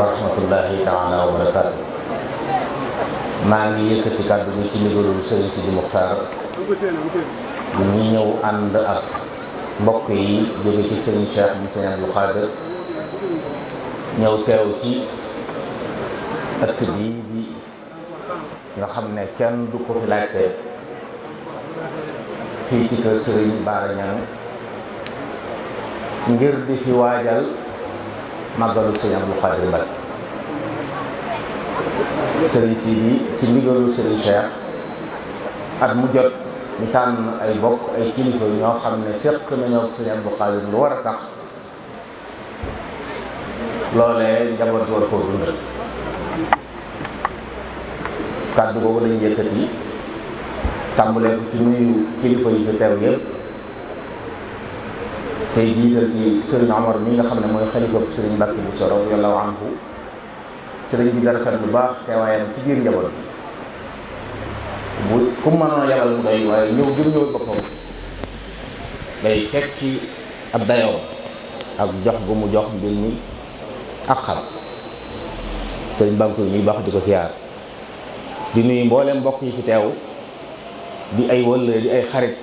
wa rahmatullahi taala maa ngi yëkkati kàddu gi ci ndigalul sëriñ Sidi Muxtaar ñu ñëw ànd ak mbokk yi jóge ci sëriñ Cheikh mu sëriñ Abdul Xaadir ñëw teew ci ëtt bii bi nga xam ne kenn du ko fi laajte fii ci kër sëriñ Baara Ñaŋ ngir di fi waajal màggalu sëñ Abdou Khadir Mbacké sëriñ si bi ci ndigalu sëriñ Cheikh at mu jot ñu tànn ay bokk ay xam ne séq nañoo ak sëñ lu war a tax loolee njaboot war koo dundal kàddu googu lañu yëkkati tàmbalee ci nuyu kilifa yi fi teew yëpp tey jiital ci Serigne Omar mi nga xam ne mooy xalifa bu Serigne Mbacke Bousso radiyallahu anhu Serigne bi dara fet bu baax teewaayam ci biir njaboot bu ku mënoon a yabal mu doy waaye ñëw gëm ñëwul boppam day teg ci ab dayoo ak jox gu mu jox mbir mi ak xaram Serigne Ba ko ñuy baax di ko siyaar di nuyu mboolem mbokk yi fi teew di ay wëllëre di ay xarit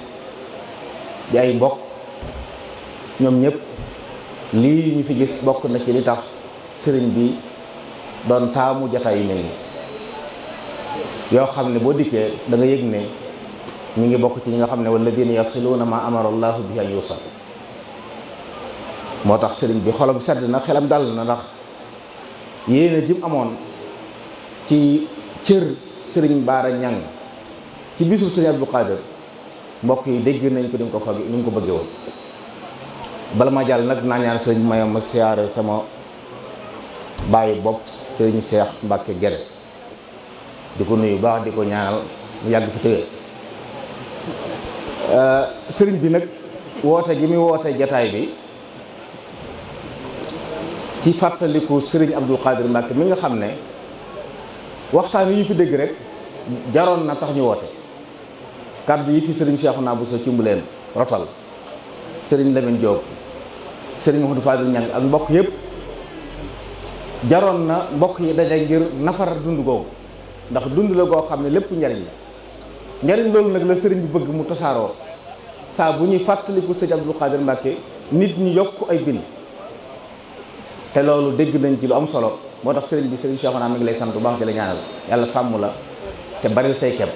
di ay mbokk. ñoom ñëpp lii ñu fi gis bokk na ci li tax sëriñ bi doon taamu jataay yu mel nii yoo xam ne boo dikkee danga yëg ne ñu ngi bokk ci ñi nga xam ne walladina na ma amara allahu bi an yusal moo tax sëriñ bi xolam sedd na xelam dal na ndax yéena jim amoon ci cër sëriñ Baara ñan ci bisu sëriñ Abdou Khadir mbokk yi dégg nañ ko ni mu ko fag ni mu ko bëggee woon bala ma jàll nag naa ñaan sëñ mayo ma siyaare sama bàyyi bopp sëñ Cheikh Mbacke Guédé di ko nuyu baax di ko ñaanal mu yàgg fi tëye euh, sëriñ bi nag woote gi muy woote jataay bi ci fàttaliku sëriñ Abdou Khadir Mbacke mi nga xam ne waxtaan yi fi dégg rek jaroon na tax ñu woote bi yi fi sëriñ Cheikh naa bu sa cumbuleen rotal sëriñ Lamine Diop sëriñ Mouhamadou Fadil Niang ak mbokk yépp jaroon na mbokk yi daje ngir nafar dund googu ndax dund la goo xam ne lépp njariñ la njariñ loolu nag la sëriñ bi bëgg mu tasaaroo saa bu ñuy fàttaliku sëñ Abdou Khadir Mbacke nit ñi yokk ay bind te loolu dégg nañ ci lu am solo moo tax sëriñ bi sëriñ Cheikhouna mi ngi lay santu bu baax di la ñaanal yàlla sàmm la te baril say kem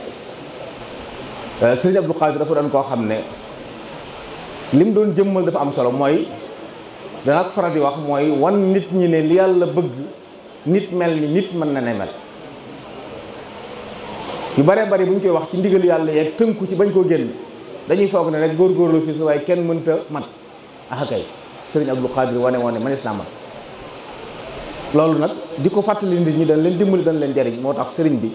euh, sëriñ Abdou Khadir dafa doon koo xam ne lim doon jëmmal dafa am solo mooy danaa ko faral di wax mooy wan nit ñi ne li yàlla bëgg nit mel ni nit mën na ne mel yu bare bari bu ñu koy wax ci ndigal yàlla yeeg tënku ci bañ koo génn dañuy foog ne rek góorgóorlu fi su waaye kenn mënta mat ah kay sëriñ Abdou Khadir wane wane manis naa mat loolu nag di ko fàttali nit ñi dañ leen dimbali dañ leen jariñ moo tax sëriñ bi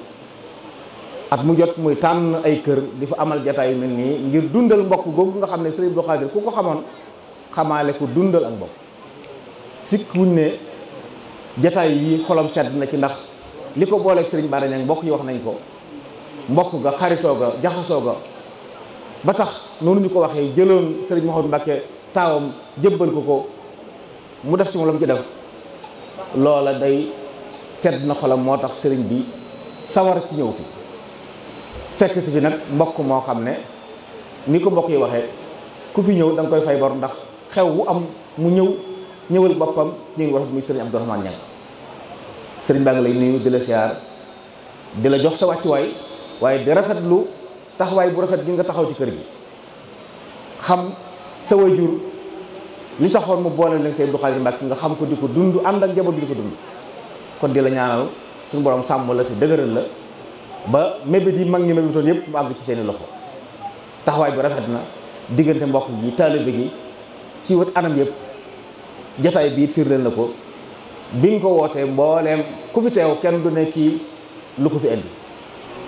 at mu jot muy tànn ay kër di fa amal jataay yu mel nii ngir dundal mbokk googu nga xam ne sëriñ Abdou Khadir ku ko xamoon xamaale ko dundal ak bopp sikkuñ ne jataay yi xolam sedd na ci ndax li ko booleeg sëriñ Bara Niang mbokk yi wax nañ ko mbokk ga xaritoo ga jaxasoo ga ba tax noonu ko waxee jëloon sëriñ Mouhamadou Mbacké taawam jëbbal ko ko mu def ci moom mu ci loola day sedd na moo tax sëriñ bi sawar ci ñëw fi fekk si nag mbokk moo xam ne ni ko mbokk yi waxee ku fi ñëw da koy fay bor ndax xew wu am mu ñëw ñëwal boppam ñu ngi wax muy sëriñ Abdourahmane Niang sëriñ baa ngi lay nuyu di la siyaar di la jox sa wàccuwaay waaye di rafetlu taxawaay bu rafet gi nga taxaw ci kër gi xam sa jur li taxoon mu boole leen Sëriñ Abdou Khadre Mbacke nga xam ko di ko dund ànd ak njaboot di ko dund kon di la ñaanal suñu borom sàmm la te dëgëral la ba mébét yi mag ñi mébétoon yëpp mu àgg ci seeni loxo taxawaay bi rafet na diggante mbokk gi taalibe gi ci wët anam yëpp jotaay bi fiir firndeel na ko biñ ko wootee mbooleem ku fi teew kenn du ne kii lu ko fi indi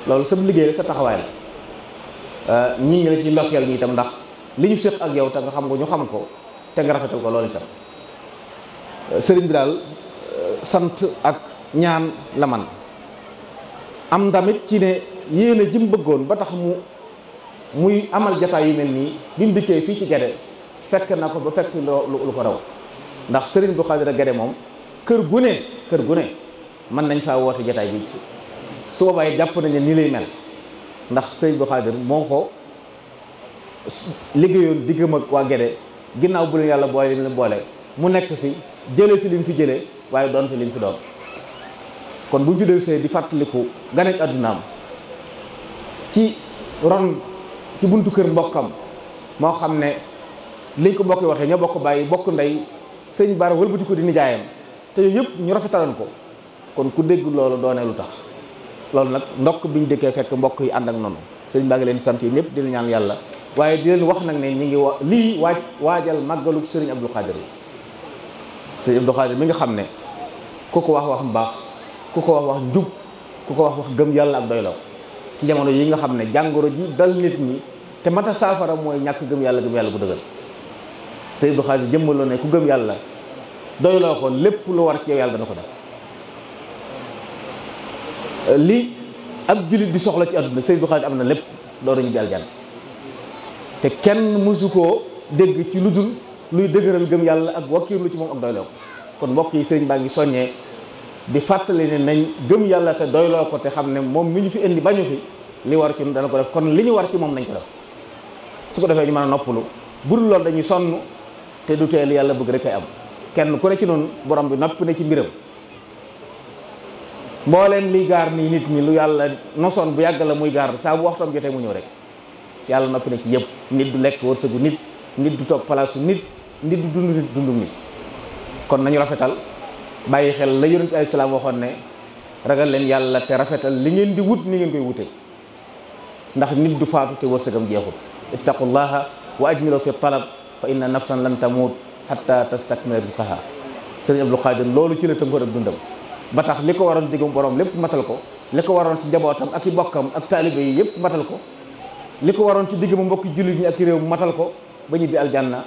loolu sa liggéey la sa taxawaay la euh, ñi ngi la ci ndokkeel ñi itam ndax li ñu séq ak yow te nga xam ko ñu xam ko te nga rafetal ko loolu itam euh, sëriñ bi daal euh, sant ak ñaan la man am ndamit ci ne yéen a jëm bëggoon ba tax mu muy amal jataay yi mel nii bi mu dikkee fii ci Gede fekk na ko ba fekk fi lu ko raw ndax sëriñ bu xaadira gade moom kër gu ne kër gu ne mën nañ faa woote jataay bi su boobaa jàpp nañ ne nii lay mel ndax sëriñ bu xaadir moo ko liggéeyoon diggam ak waa gede ginnaaw bu leen yàlla boole lim boole mu nekk fi jële fi lim fi jële waaye doon fi lim fi doon kon bu ñu fi di fàttaliku ganek àddunaam ci ron ci buntu kër mbokkam moo xam ne liñ ko bokk waxee ñoo bokk bàyyi bokk ndey sëñ Bara wëlbati ko di nijaayam te yooyu yëpp ñu rafetaloon ko kon ku dégg loolu doone lu tax loolu nag ndokk ñu dëkkee fekk mbokk yi ànd ak noonu sëñ baa ngi leen sant yi ñëpp di la yàlla waaye di wax nag ne ñi ngi wa lii waaj waajal màggalu sëriñ Abdou Khadir yi sëriñ mi nga xam ne ku ko wax wax mbaax ku ko wax wax njub ku ko wax wax gëm yàlla ak doylaw ci jamono yi nga xam ne jàngoro ji dal nit ñi te mat a saafara mooy ñàkk gëm yàlla gëm yàlla bu dëgër Sëriñ Abdou yi jëmmaloo ne ku gëm yàlla doyloo ko lépp lu war ci yow yàlla dana ko def li ab jullit di soxla ci àdduna Sëriñ Abdou Khadre am na lépp loolu ñu jàll jàll te kenn mësu koo dégg ci lu dul luy dëgëral gëm yàlla ak wakkiirlu ci moom ak doyloo ko kon mbokk yi sëriñ baa ngi soññee di fàttali ne nañ gëm yàlla te doyloo ko te xam ne moom mi ñu fi indi bañu fi li war ci dana ko def kon li ñu war ci moom nañ ko def su ko defee ñu mën a noppalu bu dul te du teel yàlla bëgg rek ay am kenn ku ne ci noonu borom bi napp na ci mbiram mbooleem liy gaar nii nit ñi lu yàlla nosoon bu yàgg la muy gaar saa bu waxtoom jotee mu ñëw rek yàlla noppi na ci yëpp nit du lekk wërsëgu nit nit du toog palaasu nit nit du dund nit dundu nit kon nañu rafetal bàyyi xel la yonent alayhi salaam waxoon ne ragal leen yàlla te rafetal li ngeen di wut ni ngeen koy wute ndax nit du faatu te wërsëgam jeexul ittaqullaha wa ajmilu fi talab fa inna nafsan lan tamuut hatta tastakmila rizqaha sëriñ lu Khadir loolu ci la tënkoon ak dundam ba tax li ko waroon digum boroom lépp matal ko li ko waroon ci njabootam ak i bokkam ak taalibe yi yëpp matal ko li ko waroon ci digg mu mbokki jullit ñi ak réew matal ko ba ñibbi aljanna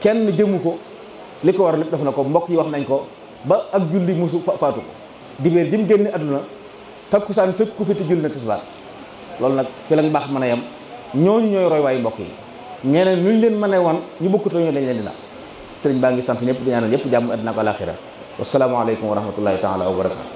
kenn jëmu ko li ko war lépp def na ko mbokk yi wax nañ ko ba ak julli musu faatu ko dibéer ji mu génn àdduna takkusaan fekk ku fi te julli na loolu nag fi la baax mën a yem ñooñu ñooy roy waayu yi ñeneen lu ñu leen mën a wan ñu bokkut la ñu dañ leen dina naan baa ngi sant ñëpp di ñaanal ñëpp jàmm àddina ak àlaxira wasalaamaaleykum wa rahmatullahi taala wa barakatu